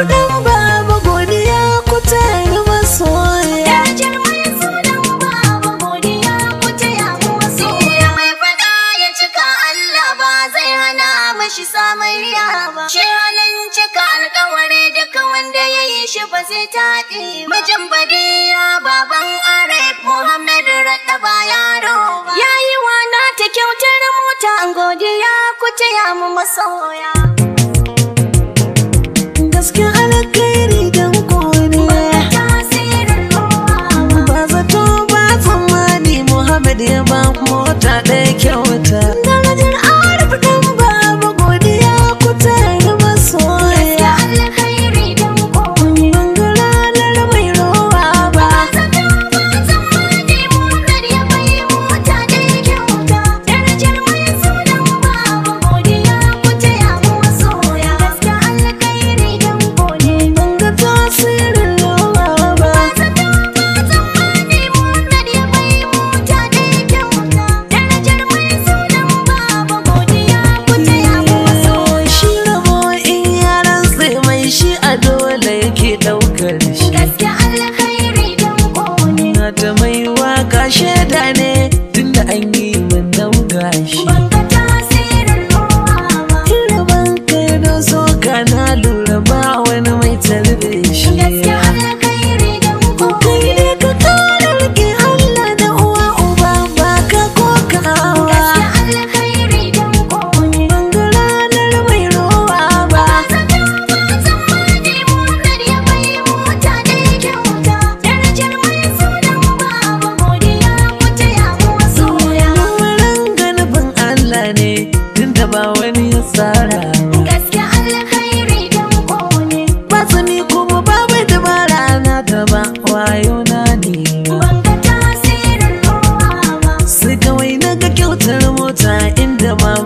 dan baba godiya ku masoya ya jirmai sunan baba godiya ku taya masoya mai fada ya cika Allah ba zai hana mashi samayya ba shi halin cika alkawari duka wanda ya yi shi ba zai taɗi mijin badiya baban arab muhammad raɗaba yaro ba ya yi na ta kyautar mota godiya kutaya taya mu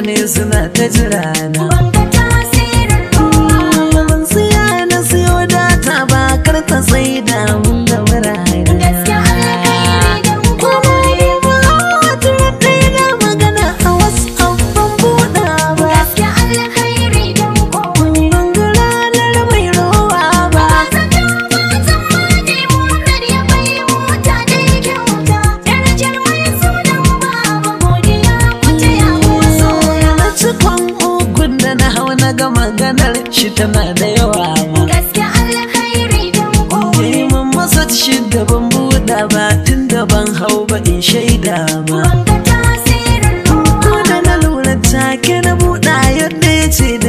mutane suna ta jirana. maganar shi tana da yawa ma gaske mu ko ne. mun masa shi da ban buɗa ba tun da ban hau ba in shaida ma ban ga tasirin da na lura take na buɗa yadda ya ce da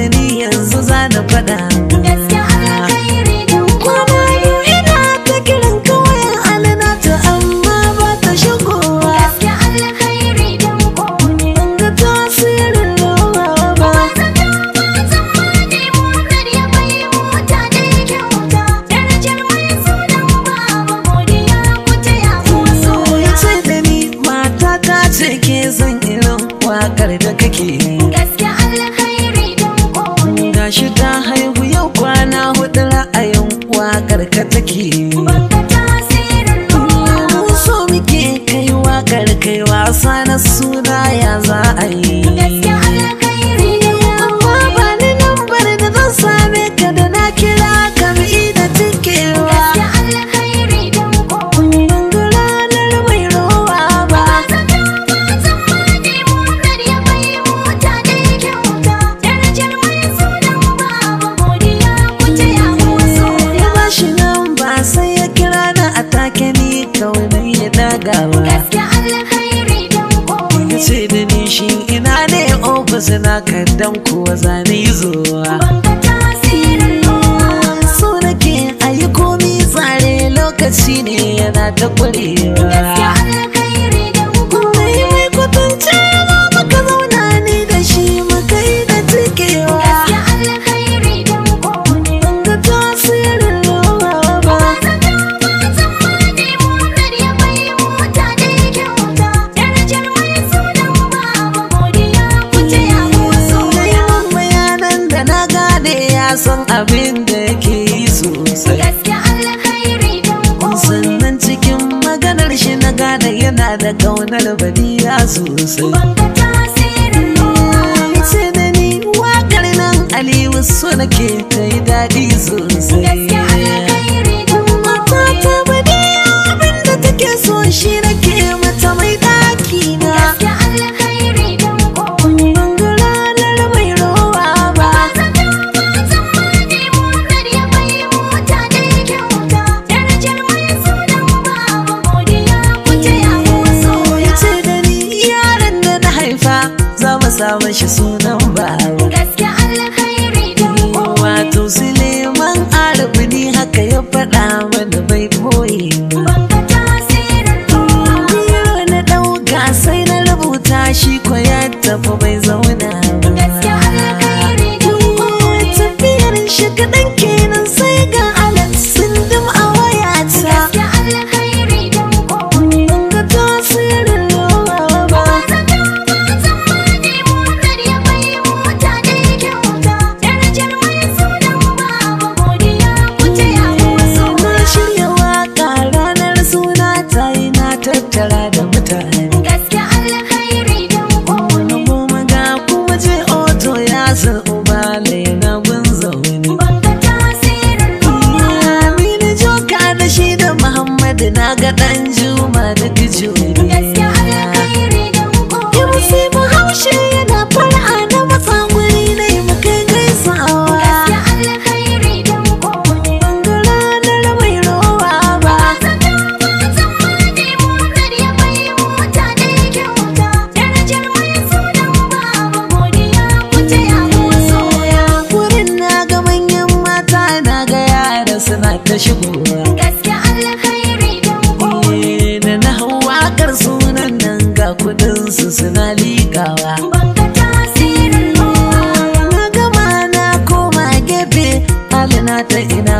suna kaddan kuwa zane zuwa so nake ayi komi tsare lokaci ne yana ta ƙwarewa shi ko ya tafi bai ta shigowa gaske allah eh, don da na hau wakar sunan nan ga kudin su suna liƙawa banga tasirin na gama na koma gefe alina ta ina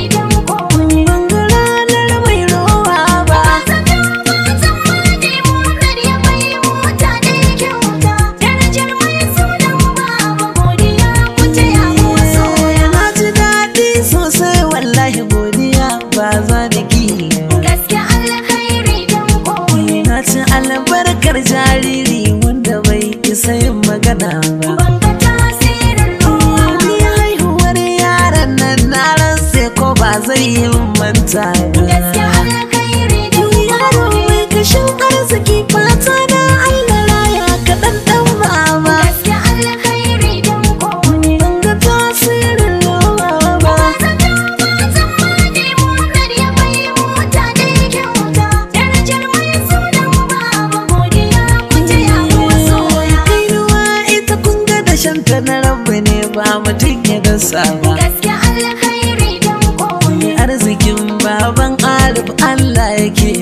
like it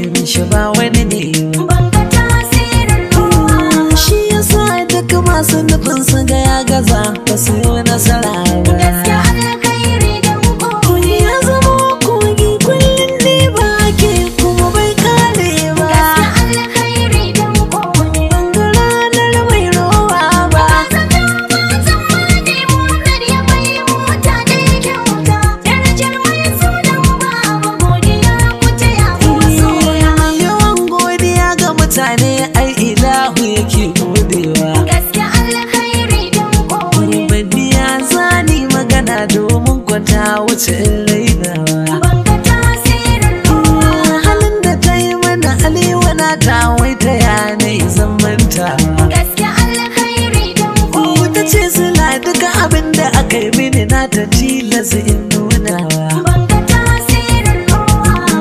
mini na ta tilas in nunawa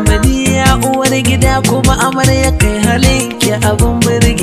Maniya uwar gida kuma amarya kai halin ki abin birgi